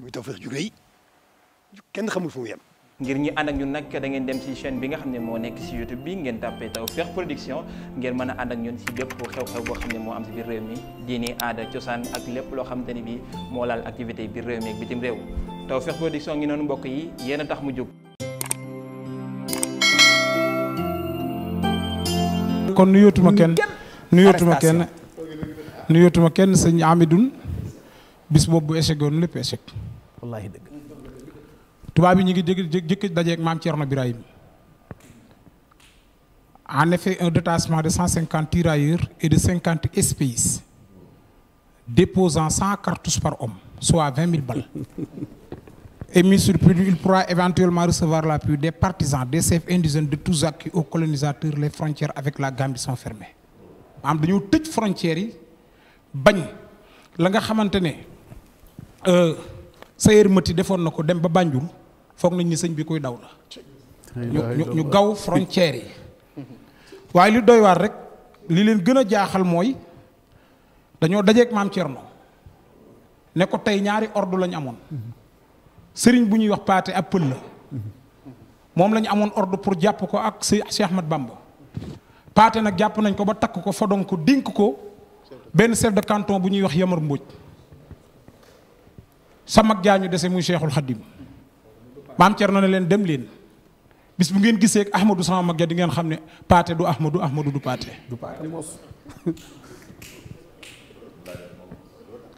muy Tawfekh ju rëy kenn ngir ñi ànd ak ñun nag dangeen dem ci chaîne bi nga xam ne moo nekk ci YouTube bi ngeen tàppee Tawfekh Production ngeen mën a ànd ak ñun ci bépp xew-xew boo xam ne moo am ci biir réew mi diini aada cosaan ak lépp loo xamante ni bi moo laal activité biir réew mi ak bitim réew Tawfekh Production ngi noonu mbokk yi yéen a tax mu jóg. kon nuyootuma kenn nuyootuma kenn nuyootuma kenn sëñ Amidoune bis boobu bu échec woon wallaahi dëgg tubaab yi ñu ngi dégg jëkk dajeeg maam Thierno Birahim en effet un détachement de cent cinquante tirailleurs et de cinquante espions déposant cent cartouches par homme soit vingt mille balles et mis sur pied il pourra éventuellement recevoir l'appui des partisans des chefs indigènes de tous actes qui aux colonisateurs les frontières avec la Gambie sont fermées maanaam dañoo tëj frontières yi bañ la nga xamante ne euh, Sayer Mati defoon na ko dem ba Banjul foog nañ ni sëñ bi koy daw la ñu ñu gaw frontière yi waaye li doy rek li leen gën a jaaxal mooy dañoo dajeeg maam Thierno ne ko tey ñaari ordre lañu amoon sëriñ bu ñuy wax paate ab pël la moom lañu amoon ordre pour jàpp ko ak Cheikh mat Bamba paate nag jàpp nañ ko ba takk ko fodon ko dénk ko benn chef de canton bu ñuy wax Yamar Mbodj sa mag ñu dese muy Cheikhul Khadim maam Thierno ne leen dem leen bis bu ngeen gisee ak Ahmadou sama mag ja di ngeen xam ne paate du Ahmadou Ahmadou du paate. du paate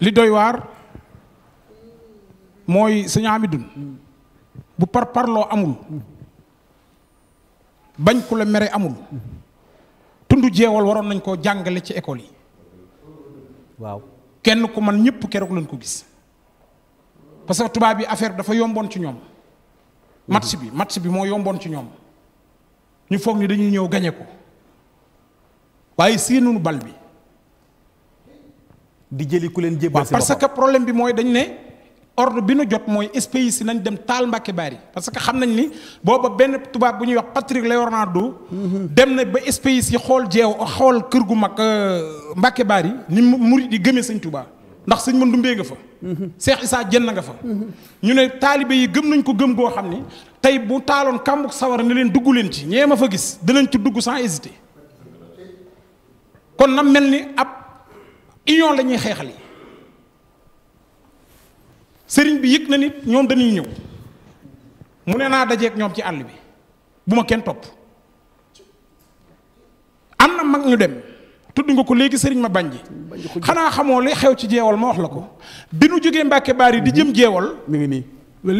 li doy waar mooy sëñ Amidun bu par parloo amul bañ ku la mere amul tund jeewal waroon nañ koo jàngale ci école yi. waaw kenn ku man ñëpp keroog lañ ko gis. parce que tubaab yi affaire dafa yomboon ci ñoom. match bi match bi moo yomboon ci ñoom ñu foog ni dañuy ñëw gañe ko waaye séenuñu bal bi. di jëli ku leen jébbal parce que problème bi mooy dañ ne ordre bi nu jot mooy SPI si nañ dem taal Mbàkke Baari parce que xam nañ ni booba benn tubaab bu ñuy wax Patrick Leonardo dem na ba SPI si xool jeew xool kër gu mag euh, Mbàkke Baari ni murid yi gëmee sëñ Tuubaa ndax sëñ mën dumbee nga fa. Cheikh Issa jën na nga fa. ñu ne taalibe yi gëm nañ ko gëm goo xam ni tey bu taaloon kàmbuk sawara ne leen dugg leen ci ñee ma fa gis dinañ ci dugg sans hésiter kon na mel ni ab union lañuy ñuy xeexal yi sëriñ bi yëg na nit ñoom dañuy ñëw mu ne naa dajeeg ñoom ci àll bi bu ma kenn topp am na mag ñu dem. tudd nga ko léegi sëriñ ma bañ ji xanaa xamoo li xew ci jeewal ma wax la ko bi nu jógee Mbàkke Baari di jëm jeewal mi ngi nii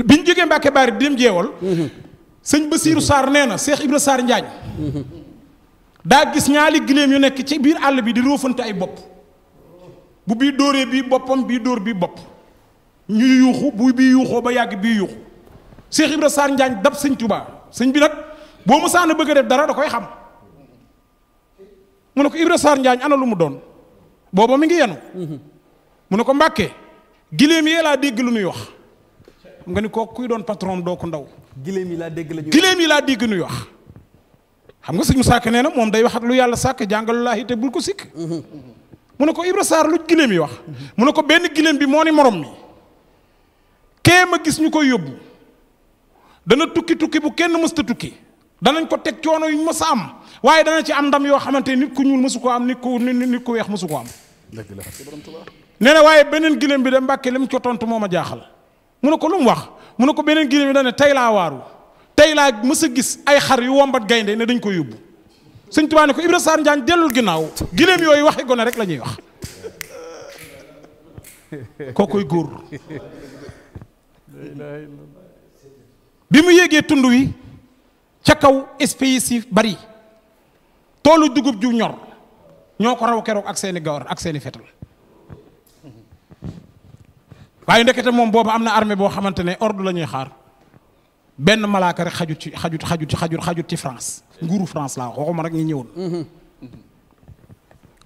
bi ñu jógee Mbàkke Baari di jëm jeewal mm-hmm. sëñ Basiiru Saar nee na Seex Ibra Saar Njaañ mm-hmm. daa gis ñaari giléem yu nekk ci biir àll bi di roofante ay bopp bu bii dóoree bii boppam bii dóor bii bopp ñuy yuuxu bu bii yuuxoo ba yàgg bii yuuxu Seex Ibra Saar Njaañ dab sëñ Tuubaa sëñ bi nag boo mësaan a bëgg a def dara da koy xam mu ne ko Ibra Sarr Njaañ ana lu mu doon booba mi ngi yenu mu ne ko Mbàkke giléem yee laa dégg lu muy wax xam nga ni kooku kuy doon patron doo ku ndaw giléem yi laa dégg la giléem laa dégg nuy wax xam nga sëñ Musaa Ka nee na moom day waxat lu yàlla sàkk jàngalu laahi te bul ko sikk mu ne ko Ibra Sarr lu giléem yi wax mu ne ko benn giléem bi moo ni morom mi kee ma gis ñu koy yóbbu dana tukki tukki bu kenn mësta tukki danañ ko teg coono ñu mës a am waaye dana ci am ndam yoo xamante nit ku ñuul mësu ko am nit ku nit ku weex masu ko am. dëgg la nee na waaye beneen gileem bi de mbàkkee li mu ko tontu moo ma jaaxal mu ne ko lu mu wax mu ne ko beneen gileem bi da ne tey laa waaru tey laa mës a gis ay xar yu wombat gaynde ne dañ ko yóbbu sëñ Tuubaa ko Ibra Sarr Njaañ dellul ginnaaw gileem yooyu waxi gone rek la ñuy wax koy góor bi mu yéegee tund wi. ca kaw espèces yi bari toolu dugub ju ñor ñoo ko raw keroog ak seeni gawar ak seeni fetal waaye ndekete moom boobu am na armée boo xamante ne ordre la ñuy xaar benn malaaka rek xajut ci xajut xajut ci xajut xajut ci France nguuru France laa waxuma rek ñu ñëwoon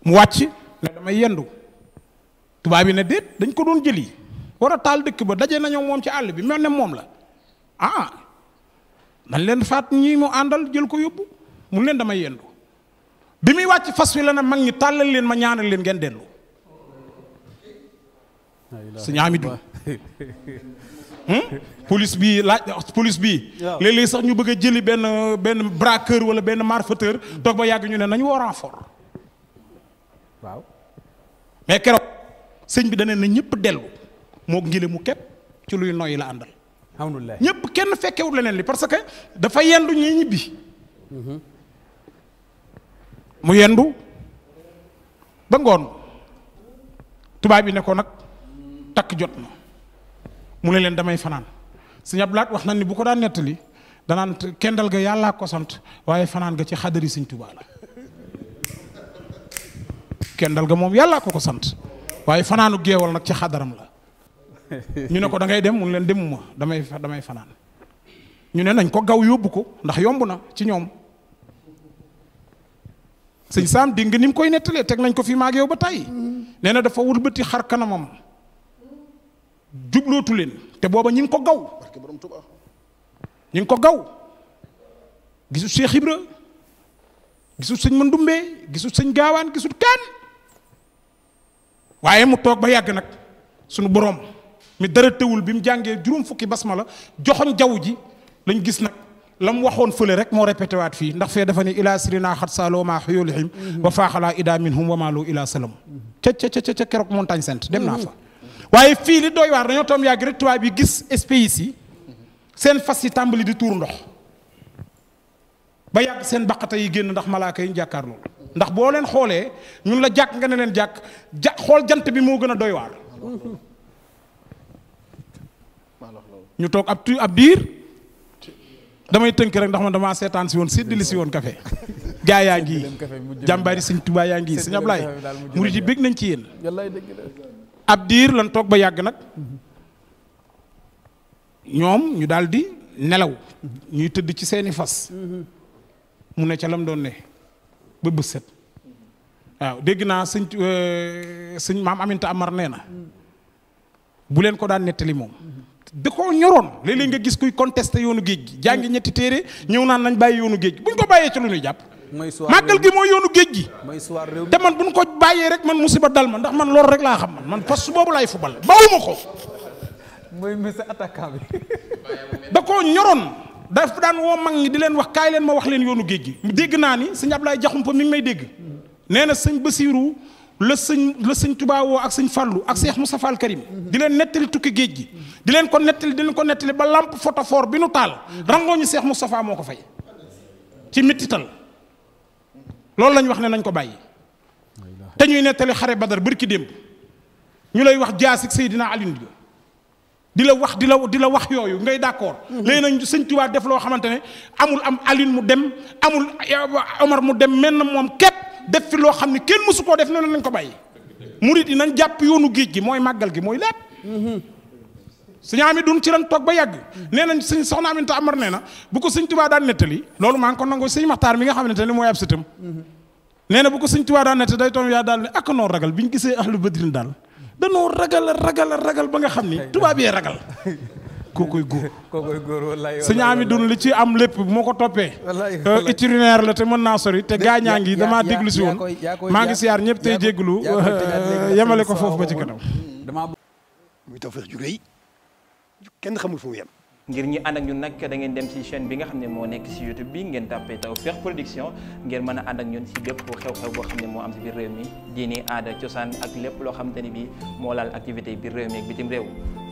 mu wàcc ne damay yendu tubaab yi ne déet dañ ko doon jëli war a taal dëkk ba daje nañoo moom ci àll bi mel ne moom la ah nañ leen faat ñii mu àndal jël ko yóbbu mu leen dama yendu bi muy wàcc fas wi la ne mag ñi tàllal leen ma ñaanal leen ngeen dellu sëñ Amidou hmm? police bii laaj police bii léeg-léeg sax ñu bëgg a jëli benn benn braqueur wala benn malfaiteur toog ba yàgg ñu ne nañu woo for waaw mais keroog sëñ bi dane na ñëpp dellu moo ngile mu képp ci luy noyyi la àndal alhamdulilah ñëpp kenn fekkewut leneen li parce que dafa yendu ñuy ñibbi. Mhm. mu yendu ba ngoon tubaab yi ne ko nag takk jot na mu ne leen damay fanaan sëñ Abdou wax na ni bu ko daan nettali danaan kendal ga yàllaa ko sant waaye fanaan ga ci xadari sëñ tubaa la kendal ga moom yàllaa ko ko sant waaye fanaanu géewal nag ci xadaram la ñu ne ko da ngay dem mu leen demuma damay damay fanaan ñu ne nañ ko gaw yóbbu ko ndax yomb na ci ñoom sëñ saam dégg nga nim koy nettalee teg nañ ko fi maag yow ba tey nee na dafa wulbati xar kanamam jublootu leen te booba ñi ngi ko gaw ñi ngi ko gaw gisul Cheikh Ibra gisul sëñ Mandumbee gisul sëñ gaawaan gisul kaan waaye mu toog ba yàgg nag sunu boroom mi dara tëwul bi mu jàngee juróom fukki basmala joxoñ jaww ji lañ gis nag la mu waxoon fële rek moo répété waat fii ndax fee dafa ne ilaa sirina xat saaloo maa xuyulihim wa faaxalaa ida minhum wa maaloo ilaa salam ca ca ca ca keroog montagne sainte dem naa fa waaye fii li doy dañoo toom yàgg rek tubaab yi gis espèces yi seen fas yi tàmbali di tuur ndox ba yàgg seen baqata yi génn ndax malaaka yi ñu jàkkaar loolu ndax boo leen xoolee ñun la jàkk nga ne leen jàkk ja xool jant bi moo gën a doy waar ñu toog ab tu ab diir damay tënk rek ndax man damaa seetaan si woon séddale si woon kafe gaa yaa ngi jàmbaari sëñ Tuubaa yaa ngi sëñ Ablaay murid ji bég nañ ci yéen ab diir lañ toog ba yàgg nag ñoom ñu daal di nelaw ñuy tëdd ci seeni fas mu ne ca lam doon ne ba bës set waaw dégg naa sëñ euh, sëñ maam Aminta Amar nee na bu leen ko daan nettali moom da koo ñoroon léeg-léeg nga gis kuy contesté yoonu géej gi jàngi mm. ñetti téere ñëw naan nañ bàyyi yoonu géej gi buñ ko bàyyee ci lu ñuy jàpp màggal gi mooy yoonu géej gi te man buñ ko bàyyee rek man musiba dal ma ndax man loolu rek laa xam man man parce que boobu laay fubal bawuma ko mooy monsieur attaquant bi da koo ñoroon daf daan woo mag ñi di leen wax kaay leen ma wax leen yoonu géej gi dégg naa ni sëñ Ablaye Jaxumpa mi ngi may dégg mm. nee na sëñ Basiiru la sëñ la sëñ Tuubaa woo ak sëñ Fàllu ak Seex Mustafaa al Karim di leen nettali tukki géej gi di leen ko nettali di leen ko nettali ba lamp photophore bi nu taal rangoo ñu Seex Mustafaa moo ko fay ci mettital loolu lañ wax ne nañ ko bàyyi te ñuy nettali xare Badar bërki démb ñu lay wax jaasig Seydina Alioune bi di la wax di la di la wax yooyu ngay d'accord léegi nañ sëñ Tuubaa def loo xamante ne amul am Alioune mu dem amul Omar mu dem menn moom képp def fi loo xam ne kenn mësu koo def noonu lañ ko bay murit yi nañ jàpp yoonu géej gi mooy màggal gi mooy lépp suñu am dun ci ran toog ba yàgg nee nañ suñ soxna Aminta Amar nee na bu ko sëñ Tuubaa daan nettali loolu maa ngi ko nango sëñ Maxtaar nga xam ne te ni mooy ab sëtam nee na bu ko sëñ Tuubaa daan nettali day toom yaa daal ne ak noo ragal bi ñu gisee lu ahlu badrin daal danoo ragal ragal ragal ba nga xam ni tubaab yee ragal kookoy góor. kookoy góor wallaay sëñ Amidoune li ci am lépp bu ma ko toppee. itinéraire la te mën naa sori te gaañaa ngi damaa déglu si woon maa ngi siyaar ñëpp tey jégalu yemale ko foofu ba ci kanam. muy Tawfekh ju rëy kenn xamul fu mu ngir ñi ànd ak ñun nag da ngeen dem ci chain bi nga xam ne moo nekk si YouTube bi ngeen tàppee Tawfekh Production ngeen mën a ànd ak ñun si bépp xew-xew boo xam ne moo am si biir réew mi diini aada cosaan ak lépp loo xamante ni bi moo laal activité biir réew mi ak bitim réew